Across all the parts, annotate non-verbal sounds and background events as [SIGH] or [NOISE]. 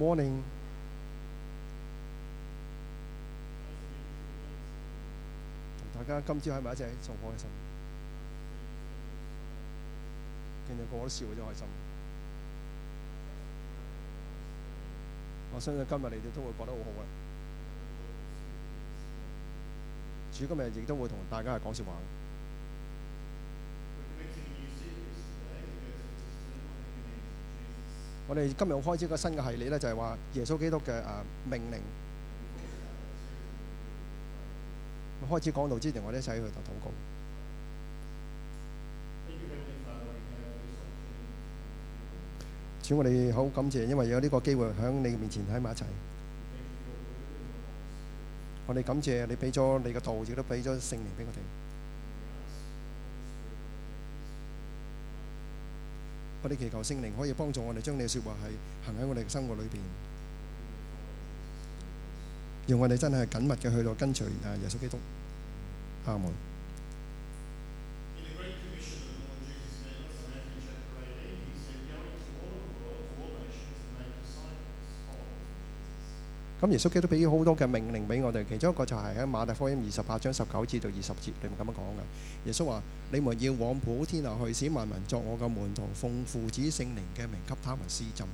Morning，大家今朝喺埋一齊，仲開心，見到個個都笑得好開心。我相信今日你哋都會覺得好好啦。主今日亦都會同大家係講笑話。我哋今日開始個新嘅系列咧，就係話耶穌基督嘅誒命令。開始講道之前，我哋一齊去打禱告。請我哋好感謝，因為有呢個機會響你面前喺埋一齊。我哋感謝你俾咗你嘅道，亦都俾咗聖靈俾我哋。我哋祈求聖靈可以幫助我哋將你嘅説話係行喺我哋嘅生活裏邊，讓我哋真係緊密嘅去到跟隨啊耶穌基督，阿門。咁耶穌基督都俾咗好多嘅命令俾我哋，其中一個就係喺馬太福音二十八章十九節到二十節裏面咁樣講嘅。耶穌話：你們要往普天下去，使萬民作我嘅門徒，奉父子聖靈嘅名給他們施浸。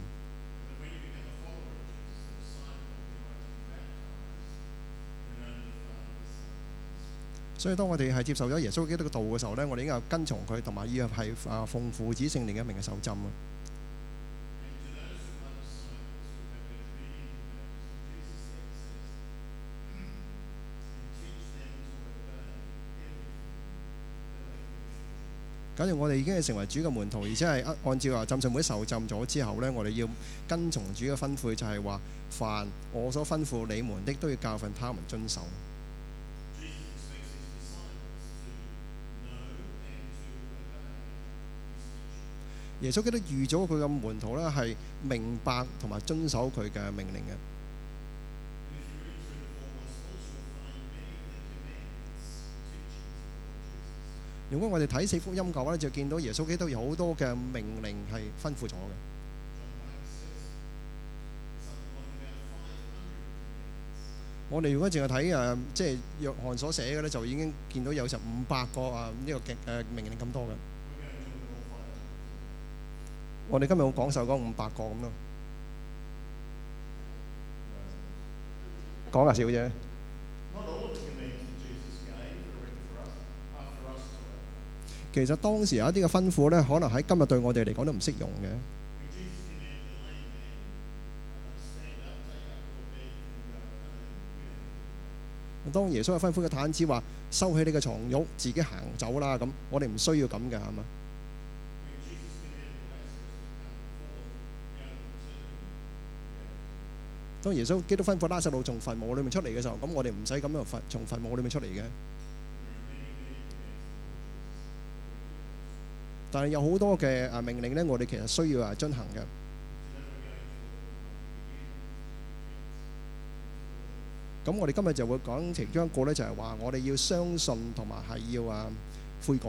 所以當我哋係接受咗耶穌基督嘅道嘅時候咧，我哋應該跟從佢，同埋要係啊奉父子聖靈嘅名受浸啊！假如我哋已經係成為主嘅門徒，而且係按按照話浸信會受浸咗之後呢，我哋要跟從主嘅吩咐，就係話凡我所吩咐你們的，都要教訓他們遵守。耶穌記得預咗佢嘅門徒呢，係明白同埋遵守佢嘅命令嘅。如果我哋睇四福音書咧，就見到耶穌基督有好多嘅命令係吩咐咗嘅。我哋如果淨係睇誒，即係約翰所寫嘅咧，就已經見到有成五百個啊，呢個嘅誒命令咁多嘅。我哋今日會講首歌五百個咁咯，講下少啫。其實當時有一啲嘅吩咐呢，可能喺今日對我哋嚟講都唔適用嘅。當耶穌有吩咐嘅癱子話收起你嘅牀褥，自己行走啦咁，我哋唔需要咁嘅係嘛？當耶穌基督吩咐拉撒路從墳墓裏面出嚟嘅時候，咁我哋唔使咁樣從墳墓裏面出嚟嘅。但係有好多嘅啊命令咧，我哋其實需要啊進行嘅。咁我哋今日就會講其中一個咧，就係話我哋要相信同埋係要啊悔改。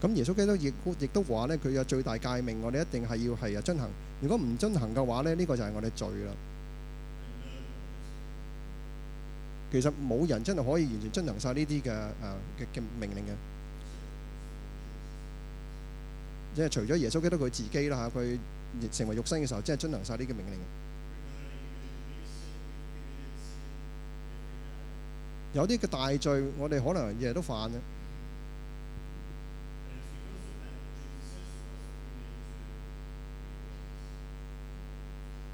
咁耶穌基督亦都亦都話咧，佢有最大誡命，我哋一定係要係啊遵行。如果唔遵行嘅話咧，呢個就係我哋罪啦。其實冇人真係可以完全遵行曬呢啲嘅誒嘅嘅命令嘅，即係除咗耶穌基督佢自己啦嚇，佢成為肉身嘅時候，真係遵行曬呢個命令。有啲嘅大罪，我哋可能日日都犯嘅。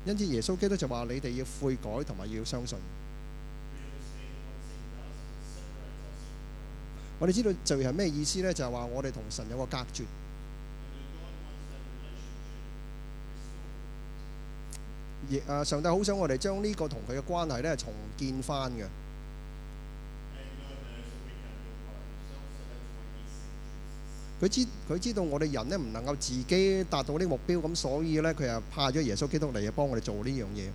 因此耶穌基督就話，你哋要悔改同埋要相信。 [NOISE] 我哋知道罪係咩意思呢？就係話我哋同神有個隔絕。啊， [NOISE] 上帝好想我哋將呢個同佢嘅關係咧重建翻嘅。佢知，佢知道我哋人咧唔能夠自己達到啲目標，咁所以咧佢又派咗耶穌基督嚟啊，幫我哋做呢樣嘢。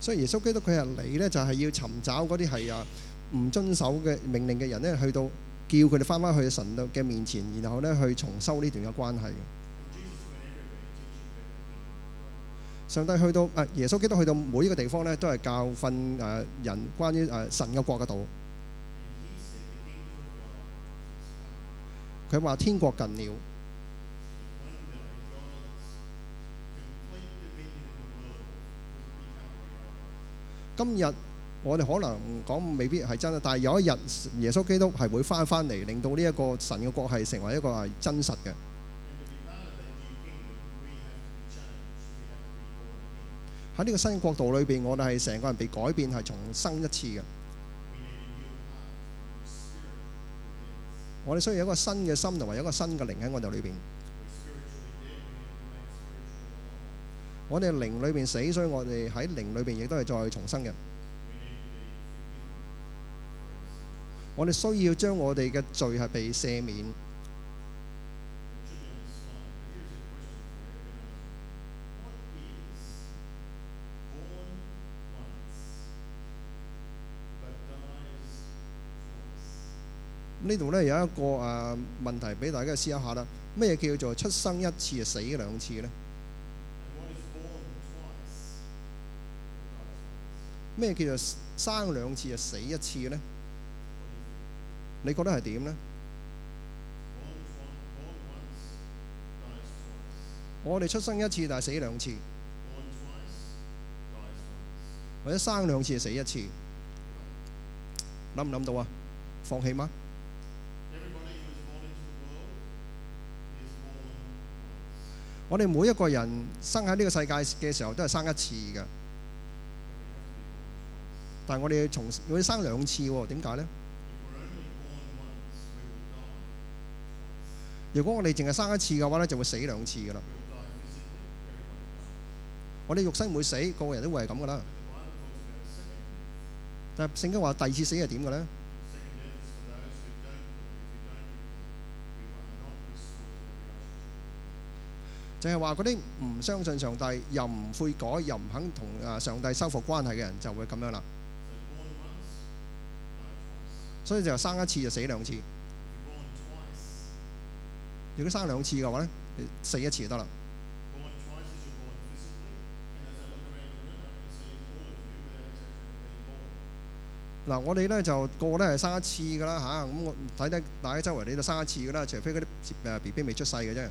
所以耶穌基督佢係嚟咧，就係要尋找嗰啲係啊唔遵守嘅命令嘅人咧，去到叫佢哋翻返去神嘅面前，然後咧去重修呢段嘅關係。上帝去到啊，耶穌基督去到每一個地方咧，都係教訓誒、呃、人關於誒、呃、神嘅國嘅道。佢話天國近了。今日我哋可能講未必係真啦，但係有一日耶穌基督係會返返嚟，令到呢一個神嘅國係成為一個係真實嘅。喺呢個新嘅國度裏邊，我哋係成個人被改變，係重生一次嘅。我哋需要有一個新嘅心，同埋有一個新嘅靈喺我哋裏邊。我哋靈裏邊死，所以我哋喺靈裏邊亦都係再重生嘅。我哋需要將我哋嘅罪係被赦免。呢度咧有一個誒、啊、問題俾大家試一下啦。咩叫做出生一次死兩次呢？咩叫做生兩次就死一次呢？你覺得係點呢？我哋出生一次但係死兩次，或者生兩次死一次，諗唔諗到啊？放棄嗎？我哋每一個人生喺呢個世界嘅時候都係生一次㗎，但係我哋要從要生兩次喎？點解咧？如果我哋淨係生一次嘅話咧，就會死兩次㗎啦。我哋肉身唔會死，個個人都會係咁㗎啦。但係聖經話第二次死係點嘅咧？你係話嗰啲唔相信上帝，又唔悔改，又唔肯同啊上帝修復關係嘅人就會咁樣啦。所以就生一次就死兩次。如果生兩次嘅話咧，死一次就得啦。嗱，我哋咧就個個都係生一次噶啦嚇，咁我睇睇大家周圍你都生一次噶啦，除非嗰啲誒 B B 未出世嘅啫。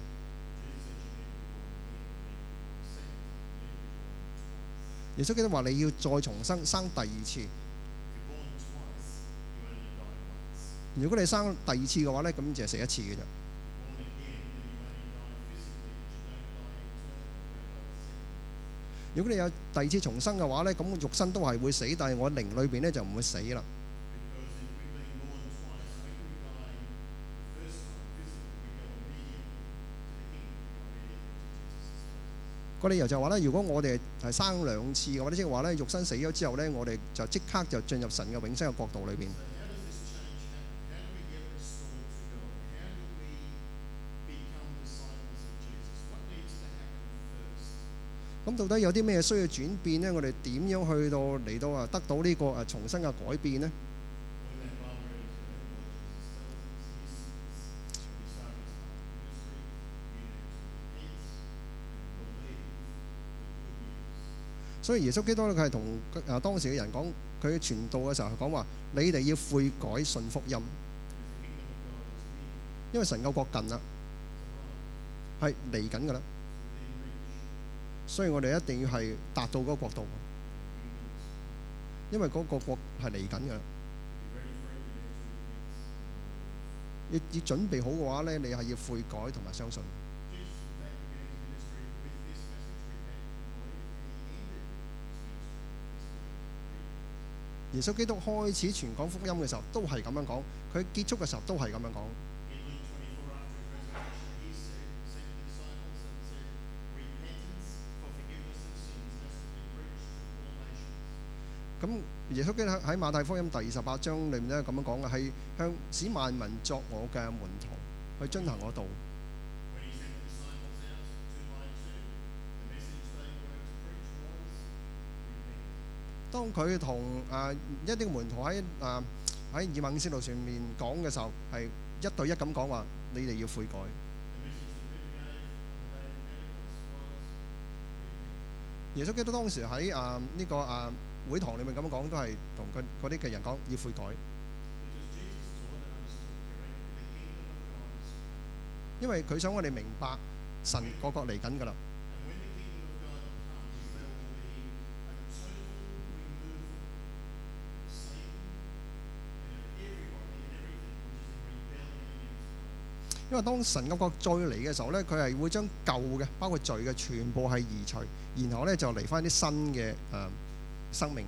耶穌記得話：你要再重生，生第二次。如果你生第二次嘅話咧，咁就係死一次嘅啫。如果你有第二次重生嘅話咧，咁肉身都係會死，但係我靈裏邊咧就唔會死啦。嗰個理由就係話咧，如果我哋係生兩次嘅話，或者即係話咧，肉身死咗之後咧，我哋就即刻就進入神嘅永生嘅國度裏邊。咁到底有啲咩需要轉變咧？我哋點樣去到嚟到啊，得到呢個啊重新嘅改變咧？所以耶穌基督咧，佢係同啊當時嘅人講，佢傳道嘅時候係講話：你哋要悔改，信福音。因為神嘅國近啦，係嚟緊㗎啦。所以我哋一定要係達到嗰個國度，因為嗰個國係嚟緊㗎。要要準備好嘅話咧，你係要悔改同埋相信。耶穌基督開始傳講福音嘅時候，都係咁樣講；佢結束嘅時候，都係咁樣講。咁耶穌基督喺馬太福音第二十八章裏面咧，咁樣講嘅，係向使萬民作我嘅門徒，去進行我道。當佢同啊一啲門徒喺啊喺以馬忤斯路上面講嘅時候，係一對一咁講話，你哋要悔改。耶穌基督當時喺啊呢個啊會堂裏面咁講，都係同佢嗰啲嘅人講要悔改，因為佢想我哋明白神嗰個國嚟緊㗎啦。因為當神嘅國再嚟嘅時候咧，佢係會將舊嘅，包括罪嘅全部係移除，然後咧就嚟翻啲新嘅，誒、呃、生命。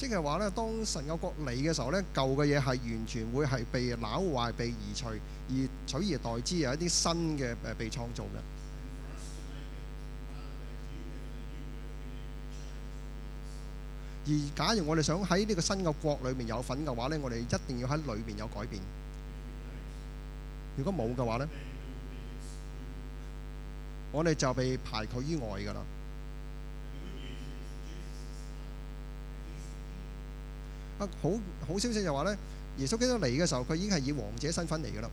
即係話咧，當神嘅國嚟嘅時候咧，舊嘅嘢係完全會係被撈壞、被移除，而取而代之有一啲新嘅誒被創造嘅。而假如我哋想喺呢個新嘅國裏面有份嘅話咧，我哋一定要喺裏面有改變。如果冇嘅話咧，我哋就被排除於外㗎啦。啊！好好消息就話咧，耶穌基督嚟嘅時候，佢已經係以王者身份嚟嘅啦。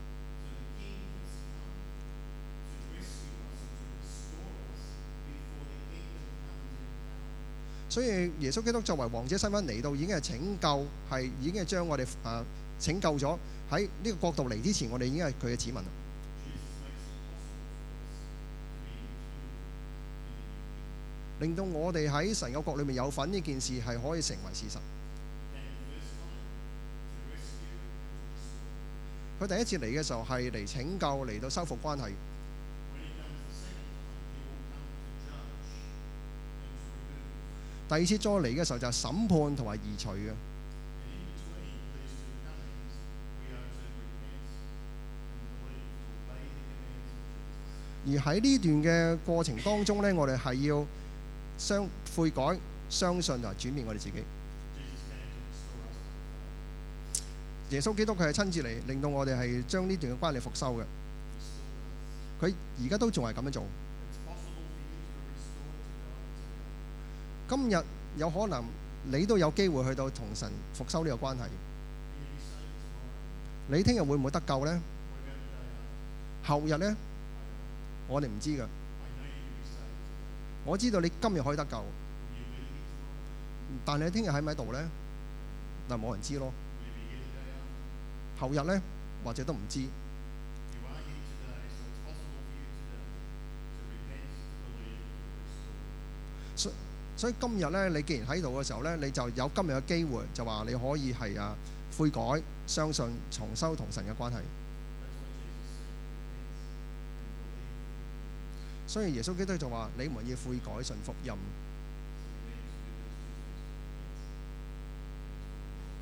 所以耶穌基督作為王者身份嚟到，已經係拯救，係已經係將我哋啊拯救咗喺呢個國度嚟之前，我哋已經係佢嘅子民啦。令到我哋喺神嘅國裏面有份呢件事，係可以成為事實。佢第一次嚟嘅時候係嚟拯救，嚟到修復關係。第二次再嚟嘅時候就係審判同埋移除嘅。而喺呢段嘅過程當中呢，我哋係要相悔改、相信同埋轉變我哋自己。耶穌基督佢係親自嚟，令到我哋係將呢段嘅關係復修嘅。佢而家都仲係咁樣做。今日有可能你都有機會去到同神復修呢個關係。你聽日會唔會得救呢？後日呢，我哋唔知㗎。我知道你今日可以得救，但你聽日喺唔喺度呢？嗱，冇人知咯。後日咧，或者都唔知。所所以今日咧，你既然喺度嘅時候咧，你就有今日嘅機會，就話你可以係啊悔改、相信、重修同神嘅關係。所以耶穌基督就話：你們要悔改、信福音。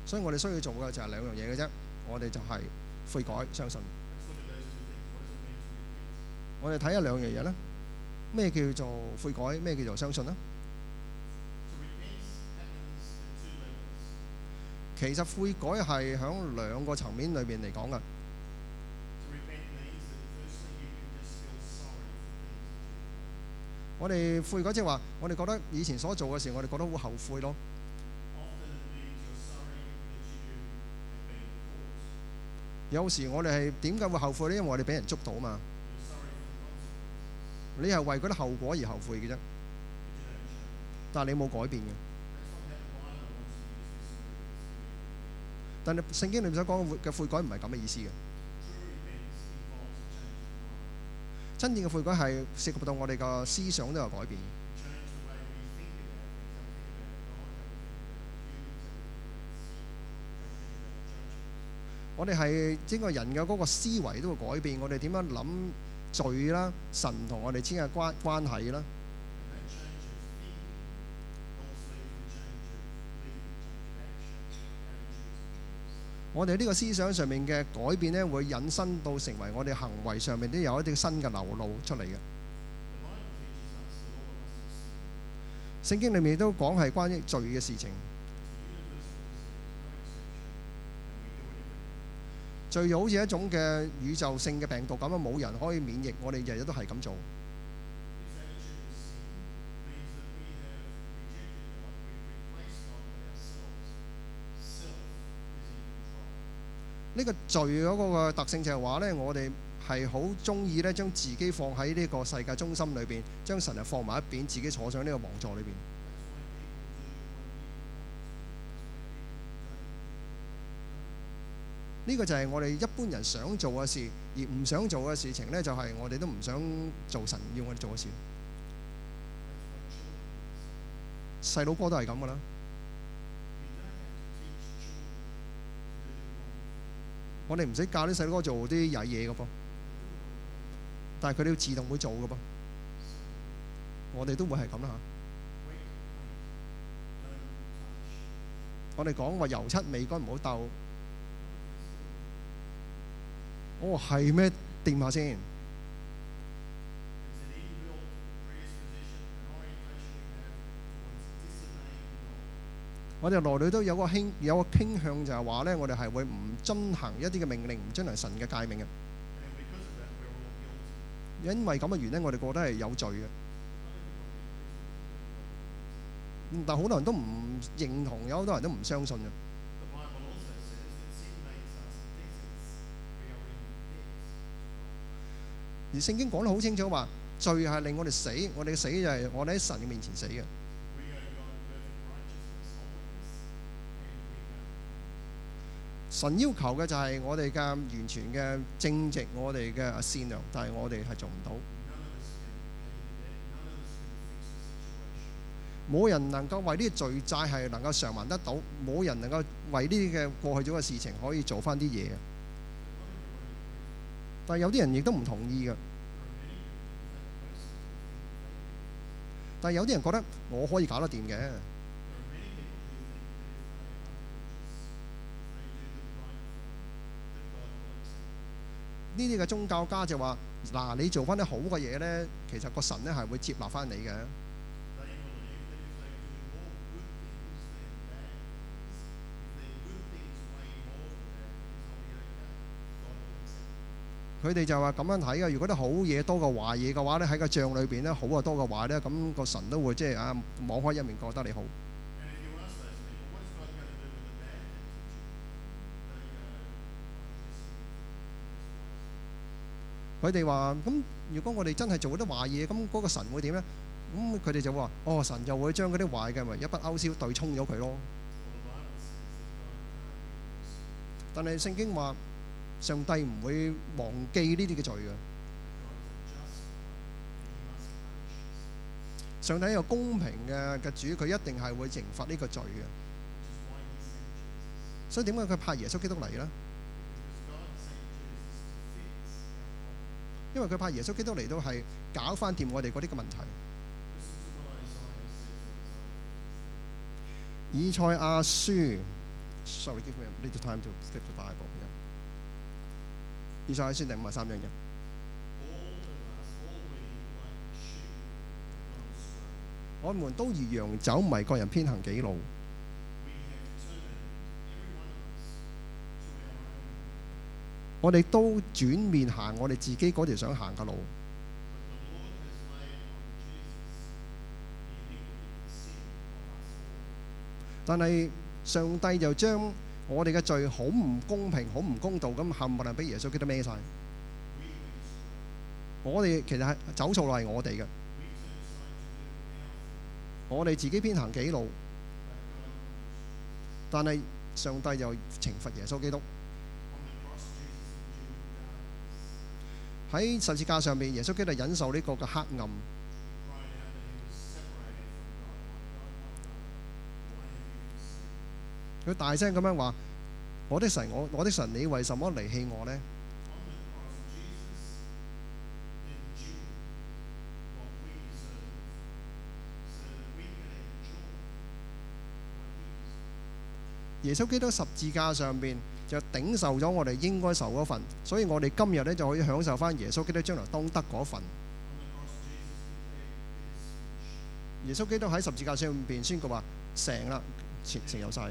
所以我哋需要做嘅就係兩樣嘢嘅啫。我哋就係悔改，相信。我哋睇一兩樣嘢咧，咩叫做悔改？咩叫做相信呢？其實悔改係響兩個層面裏面嚟講嘅。我哋悔改即係話，我哋覺得以前所做嘅事，我哋覺得會後悔咯。有時我哋係點解會後悔呢？因為我哋俾人捉到啊嘛。你係為嗰啲後果而後悔嘅啫，但係你冇改變嘅。但係聖經裏面所講嘅悔改唔係咁嘅意思嘅。真正嘅悔改係涉及到我哋個思想都有改變。我哋係整個人嘅嗰個思維都會改變，我哋點樣諗罪啦、神同我哋之間嘅關關係啦。 [NOISE] 我哋呢個思想上面嘅改變呢，會引申到成為我哋行為上面都有一啲新嘅流露出嚟嘅。聖 [NOISE] 經裏面都講係關於罪嘅事情。罪好似一種嘅宇宙性嘅病毒咁樣，冇人可以免疫。我哋日日都係咁做。呢 [MUSIC] 個罪嗰個特性就係話咧，我哋係好中意咧，將自己放喺呢個世界中心裏邊，將神啊放埋一邊，自己坐上呢個王座裏邊。呢個就係我哋一般人想做嘅事，而唔想做嘅事情呢，就係我哋都唔想做神要我哋做嘅事。細佬哥都係咁噶啦，我哋唔使教啲細佬哥做啲曳嘢嘅噃，但係佢哋自動會做嘅噃。我哋都會係咁啦嚇。我哋講話油漆未乾唔好鬥。哦，係咩？電話先。我哋內裏都有個傾，有個傾向就係話呢，我哋係會唔遵行一啲嘅命令，唔遵行神嘅誡命嘅，因為咁嘅原因，我哋覺得係有罪嘅。但係好多人都唔認同，有好多人都唔相信嘅。聖經講得好清楚，話罪係令我哋死，我哋嘅死就係我哋喺神嘅面前死嘅。神要求嘅就係我哋嘅完全嘅正直，我哋嘅善良，但係我哋係做唔到。冇人能夠為呢啲罪債係能夠償還得到，冇人能夠為呢啲嘅過去咗嘅事情可以做翻啲嘢。但係有啲人亦都唔同意嘅。但係有啲人覺得我可以搞得掂嘅。呢啲嘅宗教家就話：嗱，你做翻啲好嘅嘢咧，其實個神咧係會接納翻你嘅。佢哋就話咁樣睇啊。如果啲好嘢多過壞嘢嘅話咧，喺個帳裏邊咧，好就多過壞咧，咁個神都會即係啊，網開一面，覺得你好。佢哋話：咁如果我哋真係做啲壞嘢，咁嗰個神會點咧？咁佢哋就話：哦，神就會將嗰啲壞嘅咪一筆勾銷，對沖咗佢咯。但係聖經話。上帝唔會忘記呢啲嘅罪㗎。上帝係一個公平嘅嘅主，佢一定係會懲罰呢個罪㗎。所以點解佢派耶穌基督嚟咧？因為佢派耶穌基督嚟都係搞翻掂我哋嗰啲嘅問題。以賽亞書，sorry，give me a little time to step the Bible。二十一、二十二、五十三樣嘢。我們都如羊走迷，各人偏行己路，我哋都轉面行我哋自己嗰條想行嘅路。但係上帝又將我哋嘅罪好唔公平，好唔公道，咁冚唪唥俾耶穌基督孭曬。我哋其實係走錯路係我哋嘅，我哋自己偏行己路，但係上帝就懲罰耶穌基督喺十字架上面，耶穌基督忍受呢個嘅黑暗。佢大聲咁樣話：我的神，我我的神，你為什麼離棄我呢？耶穌基督十字架上邊，就頂受咗我哋應該受嗰份，所以我哋今日呢就可以享受翻耶穌基督將來當得嗰份。耶穌基督喺十字架上邊宣告話：成啦，全全有曬。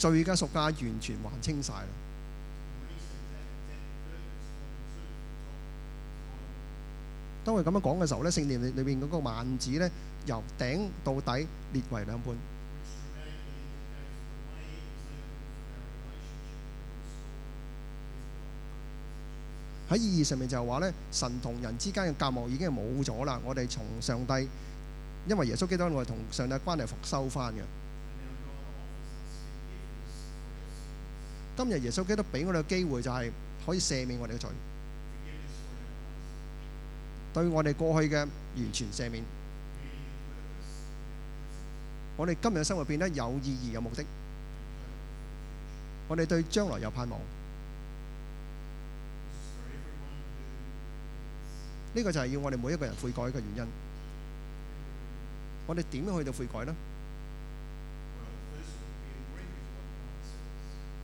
罪嘅贖價完全還清晒啦！當佢咁樣講嘅時候咧，聖殿裏面嗰個幔子咧，由頂到底裂為兩半。喺意義上面就係話咧，神同人之間嘅隔膜已經係冇咗啦。我哋從上帝，因為耶穌基督我哋同上帝關係復修翻嘅。今日耶穌基督俾我哋嘅機會就係可以赦免我哋嘅罪，對我哋過去嘅完全赦免。我哋今日嘅生活變得有意義、有目的，我哋對將來有盼望。呢個就係要我哋每一個人悔改嘅原因。我哋點樣去到悔改呢？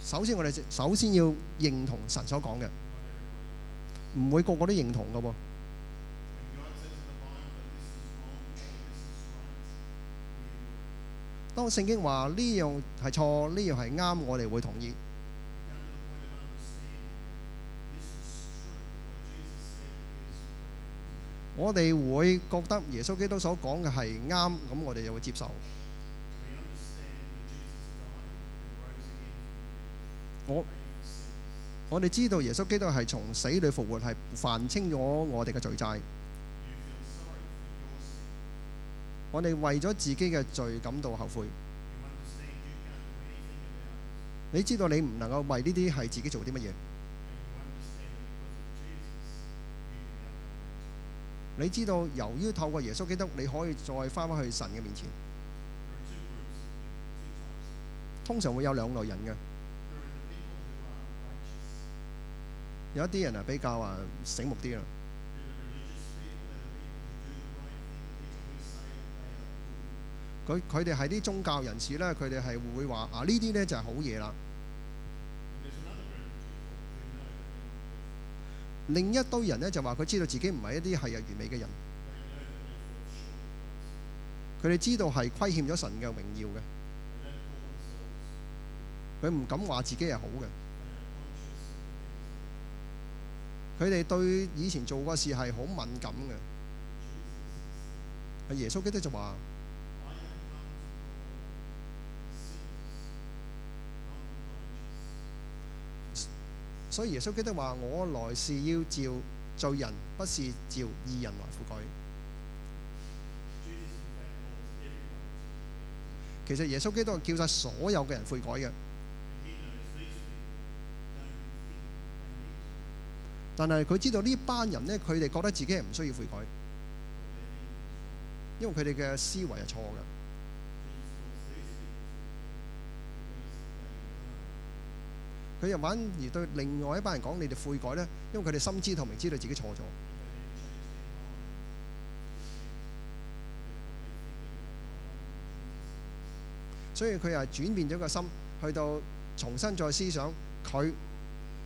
首先我哋首先要認同神所講嘅，唔會個個都認同嘅喎。當聖經話呢樣係錯，呢樣係啱，我哋會同意。我哋會覺得耶穌基督所講嘅係啱，咁我哋就會接受。我我哋知道耶穌基督係從死裏復活，係犯清咗我哋嘅罪債。我哋為咗自己嘅罪感到後悔。你知道你唔能夠為呢啲係自己做啲乜嘢？你知道由於透過耶穌基督，你可以再翻返去神嘅面前。Two groups, two 通常會有兩類人嘅。有一啲人啊，比較啊醒目啲啦，佢佢哋係啲宗教人士咧，佢哋係會話啊，呢啲咧就係好嘢啦。另一堆人咧，就話佢知道自己唔係一啲係啊完美嘅人，佢哋知道係虧欠咗神嘅榮耀嘅，佢唔敢話自己係好嘅。佢哋對以前做過事係好敏感嘅。阿耶穌基督就話，所以耶穌基督話：我來是要召罪人，不是召義人來悔改。其實耶穌基督係叫晒所有嘅人悔改嘅。但係佢知道呢班人呢，佢哋覺得自己係唔需要悔改，因為佢哋嘅思維係錯嘅。佢又反而對另外一班人講：你哋悔改咧，因為佢哋心知肚明知道自己錯咗。所以佢又轉變咗個心，去到重新再思想佢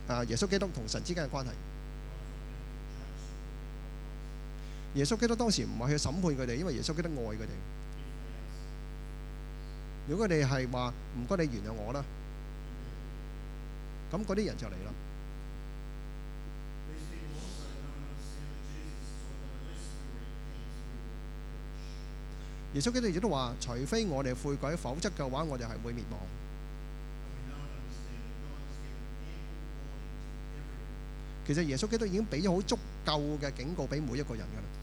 啊，耶穌基督同神之間嘅關係。耶穌基督當時唔係去審判佢哋，因為耶穌基督愛佢哋。如果佢哋係話唔該，你原諒我啦，咁嗰啲人就嚟啦。耶穌基督亦都話：除非我哋悔改，否則嘅話我哋係會滅亡。其實耶穌基督已經俾咗好足夠嘅警告俾每一個人㗎啦。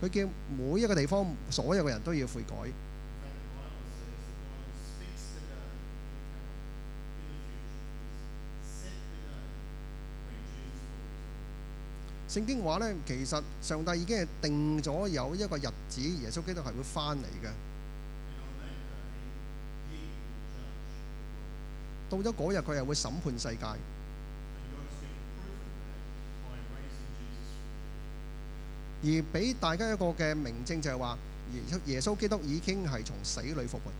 佢叫每一個地方所有嘅人都要悔改。聖經話咧，其實上帝已經係定咗有一個日子，耶穌基督係會翻嚟嘅。到咗嗰日，佢又會審判世界。而俾大家一個嘅明證就係話，耶穌基督已經係從死裏復活。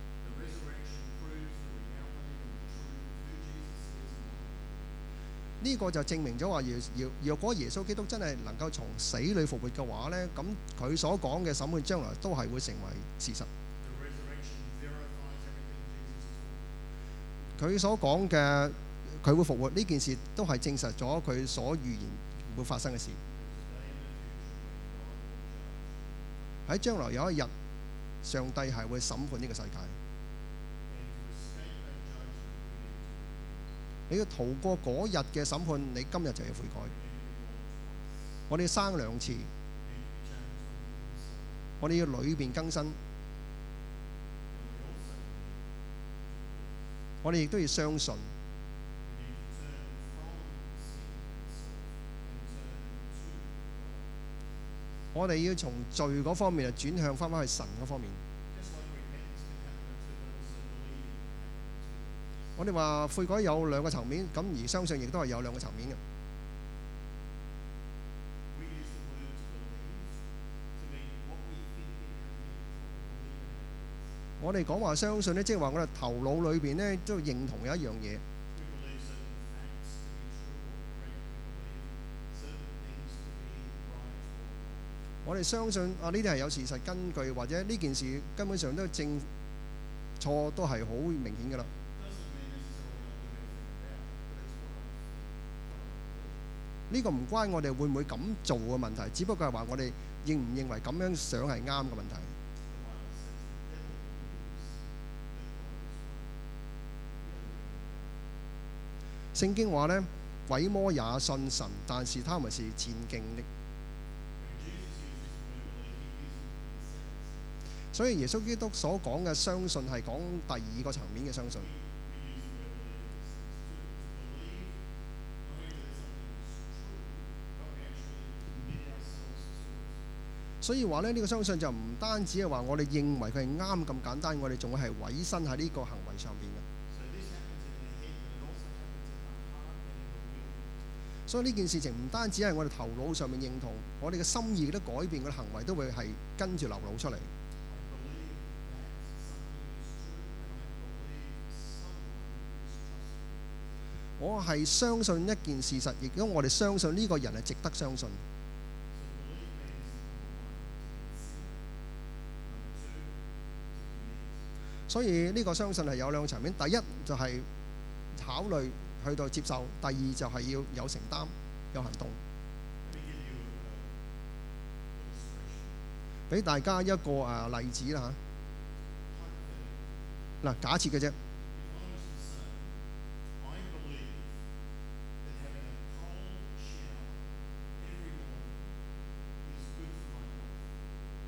呢個就證明咗話，如若果耶穌基督真係能夠從死裏復活嘅話呢，咁佢所講嘅審判將來都係會成為事實。佢所講嘅佢會復活呢件事，都係證實咗佢所預言會發生嘅事。喺將來有一日，上帝係會審判呢個世界。你要逃過嗰日嘅審判，你今日就要悔改。我哋生兩次，我哋要裏邊更新，我哋亦都要相信。我哋要從罪嗰方面啊，轉向返返去神嗰方面。我哋話悔改有兩個層面，咁而相信亦都係有兩個層面嘅。我哋講話相信咧，即係話我哋頭腦裏邊咧都認同有一樣嘢。我哋相信啊，呢啲係有事實根據，或者呢件事根本上都係正錯，都係好明顯㗎喇。呢個唔關我哋會唔會咁做嘅問題，只不過係話我哋認唔認為咁樣想係啱嘅問題。聖經話呢，鬼魔也信神，但是他們是戰兢的。所以耶穌基督所講嘅相信係講第二個層面嘅相信，所以話咧呢個相信就唔單止係話我哋認為佢係啱咁簡單，我哋仲會係委身喺呢個行為上面嘅，所以呢件事情唔單止係我哋頭腦上面認同，我哋嘅心意都改變，個行為都會係跟住流露出嚟。我係相信一件事實，亦都我哋相信呢個人係值得相信。所以呢個相信係有兩個層面，第一就係考慮去到接受，第二就係要有承擔、有行動。俾大家一個啊例子啦嚇，嗱，啊，假設嘅啫。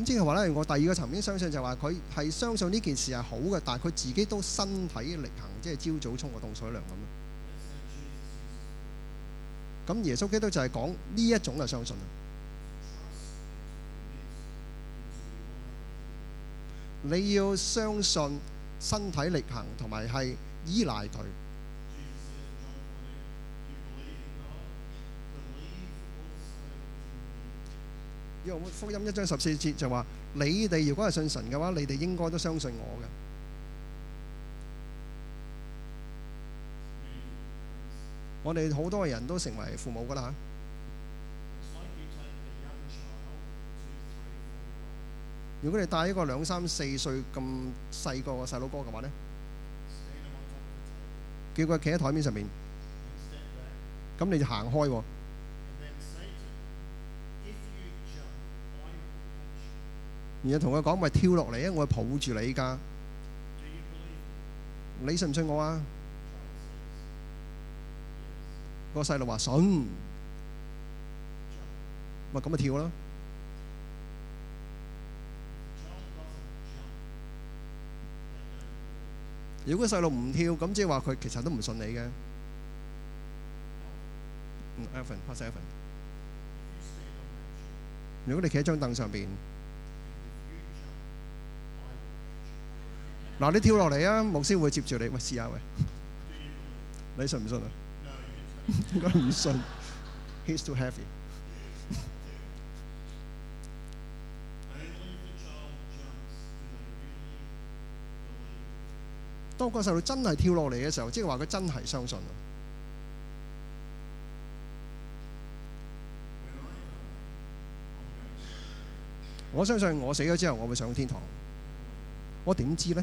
咁即係話咧，我第二個層面相信就話佢係相信呢件事係好嘅，但係佢自己都身體力行，即係朝早沖個凍水涼咁。咁耶穌基督就係講呢一種嘅相信啦。你要相信身體力行，同埋係依賴佢。《福音》一章十四節就是、話：你哋如果係信神嘅話，你哋應該都相信我嘅。嗯、我哋好多人都成為父母噶啦吓。啊、如果你帶一個兩三四歲咁細個嘅細佬哥嘅話咧，叫佢企喺台面上面，咁你就行開喎、啊。然後同佢講，咪跳落嚟啊！我係抱住你㗎，你信唔信我啊？個細路話：信咪咁咪跳囉。如果個細路唔跳，咁即係話佢其實都唔信你嘅。嗯，Eleven 拍曬 Eleven。如果你企喺張凳上邊，嗱，你跳落嚟啊！牧師會接住你，喂，試下喂。你信唔信啊？應該唔信。He's too heavy。當個細路真係跳落嚟嘅時候，即係話佢真係相信啊！我相信我死咗之後，我會上天堂。我點知咧？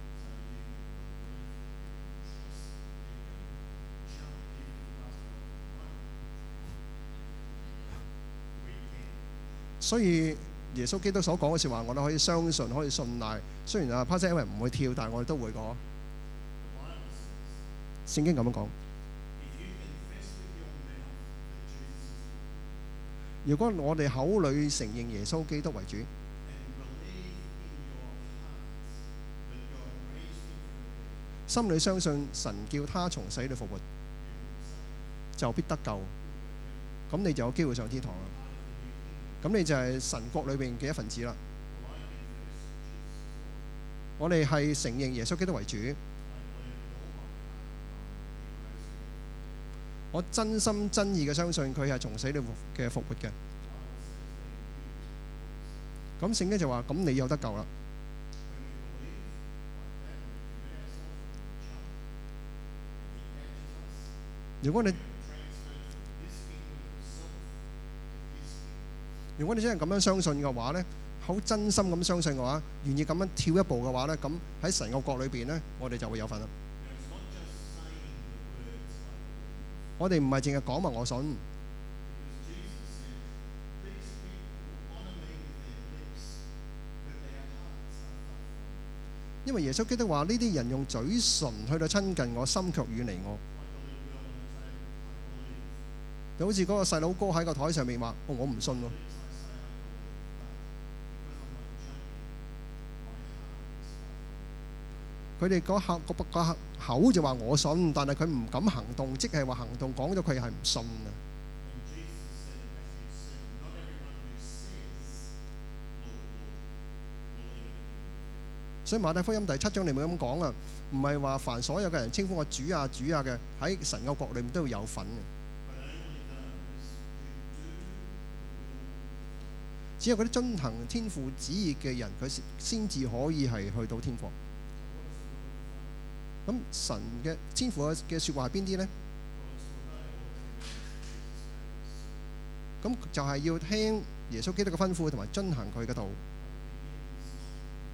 所以耶穌基督所講嘅説話，我哋可以相信，可以信賴。雖然阿 Pat 姐因為唔會跳，但係我哋都會講。聖經咁樣講：如果我哋口裏承認耶穌基督為主，心裏相信神叫他從死裏復活，就必得救。咁你就有機會上天堂啦。咁你就係神國裏邊嘅一份子啦。我哋係承認耶穌基督為主。我真心真意嘅相信佢係從死裏嘅復活嘅。咁聖經就話，咁你有得救啦。如果你如果你真係咁樣相信嘅話呢，好真心咁相信嘅話，願意咁樣跳一步嘅話呢，咁喺神嘅國裏邊呢，我哋就會有份啦。 [MUSIC] 我哋唔係淨係講話，我信， [MUSIC] 因為耶穌基督話呢啲人用嘴唇去到親近我，心卻遠離我， [MUSIC] 就好似嗰個細佬哥喺個台上面話：我唔信喎。佢哋個口、嗰個口就話我信，但係佢唔敢行動，即係話行動講咗佢係唔信啊。所以馬太福音第七章你唔會咁講啊，唔係話凡所有嘅人稱呼我主啊主啊嘅，喺神嘅國裏面都要有份嘅。只有嗰啲遵行天父旨意嘅人，佢先至可以係去到天國。咁神嘅千父嘅說話係邊啲呢？咁 [NOISE] 就係要聽耶穌基督嘅吩咐，同埋遵行佢嘅道。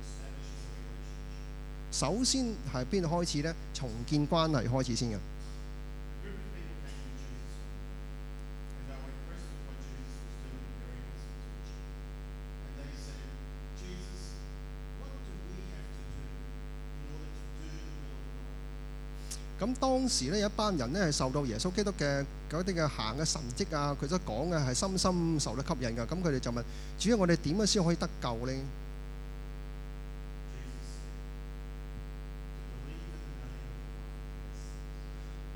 [NOISE] 首先係邊度開始呢？重建關係開始先嘅。咁當時咧，有一班人咧係受到耶穌基督嘅嗰啲嘅行嘅神蹟啊，佢所講嘅係深深受到吸引噶。咁佢哋就問主要，我哋點樣先可以得救咧？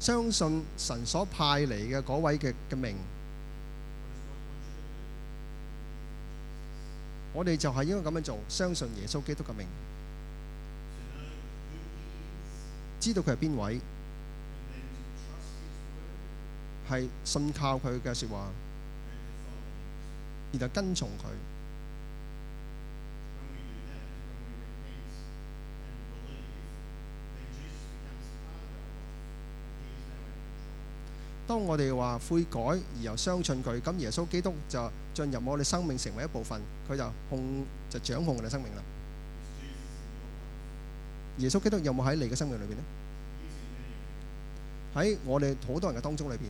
相信神所派嚟嘅嗰位嘅嘅名，我哋就係應該咁樣做，相信耶穌基督嘅名，知道佢係邊位？係信靠佢嘅説話，然後跟從佢。當我哋話悔改，而又相信佢，咁耶穌基督就進入我哋生命成為一部分，佢就控就掌控我哋生命啦。耶穌基督有冇喺你嘅生命裏邊呢？喺我哋好多人嘅當中裏邊。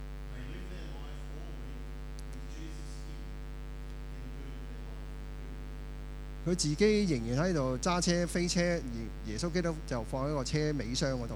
佢自己仍然喺度揸車飛車，而耶穌基督就放喺個車尾箱嗰度。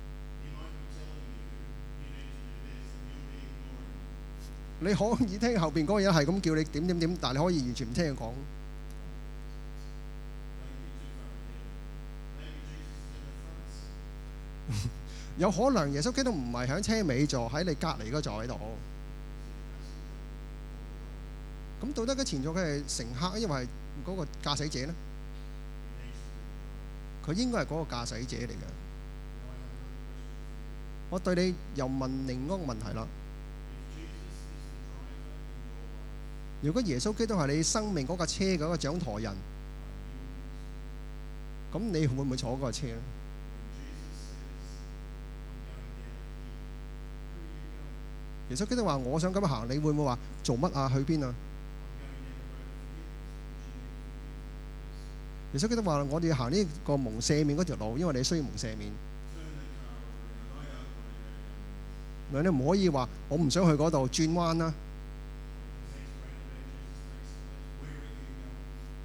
你可以聽後邊嗰個人係咁叫你點點點，但係你可以完全唔聽佢講。有可能耶穌基督唔係喺車尾座，喺你隔離嗰座喺度。咁到底嗰前座佢係乘客，因為係嗰個駕駛者呢，佢應該係嗰個駕駛者嚟嘅。我對你又問另一個問題啦。如果耶穌基督係你生命嗰架車嗰個掌舵人，咁你會唔會坐嗰架車咧？耶穌基督話：我想咁樣行，你會唔會話做乜啊？去邊啊？耶穌基督話：我哋要行呢個蒙赦免嗰條路，因為你需要蒙赦免。你唔可以話我唔想去嗰度轉彎啦。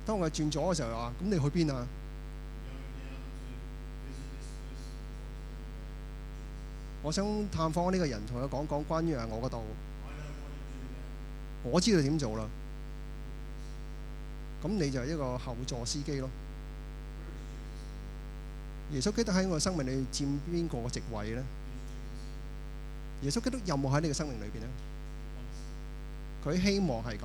當我轉咗嘅時候，話：咁你去邊啊？我想探訪呢個人，同佢講講關於我嗰度。我知道點做啦。咁你就係一個後座司機咯。耶穌基督喺我生命裏佔邊個嘅席位咧？耶穌基督有冇喺你嘅生命裏邊咧？佢希望係咁。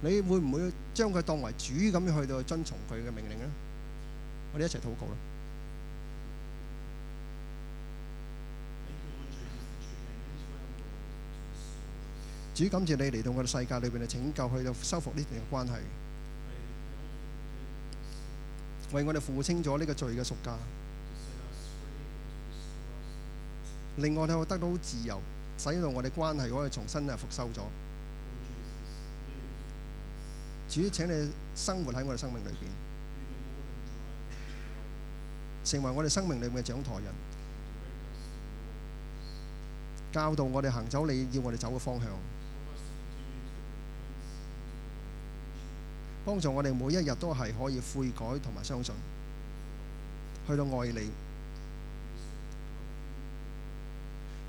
你會唔會將佢當為主咁樣去到遵從佢嘅命令呢？我哋一齊禱告啦！ [MUSIC] 主，感謝你嚟到我哋世界裏邊嚟拯救，去到修復呢段關係， [MUSIC] 為我哋付清咗呢個罪嘅贖價。另外咧， [MUSIC] 我哋得到自由，使到我哋關係可以重新啊復修咗。主，請你生活喺我哋生命裏邊，成為我哋生命裏面嘅掌舵人，教導我哋行走你要我哋走嘅方向，幫助我哋每一日都係可以悔改同埋相信，去到愛你。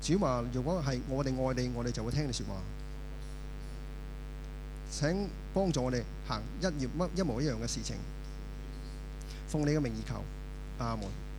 主話：如果係我哋愛你，我哋就會聽你説話。請幫助我哋行一頁乜一模一樣嘅事情，奉你嘅名而求，阿門。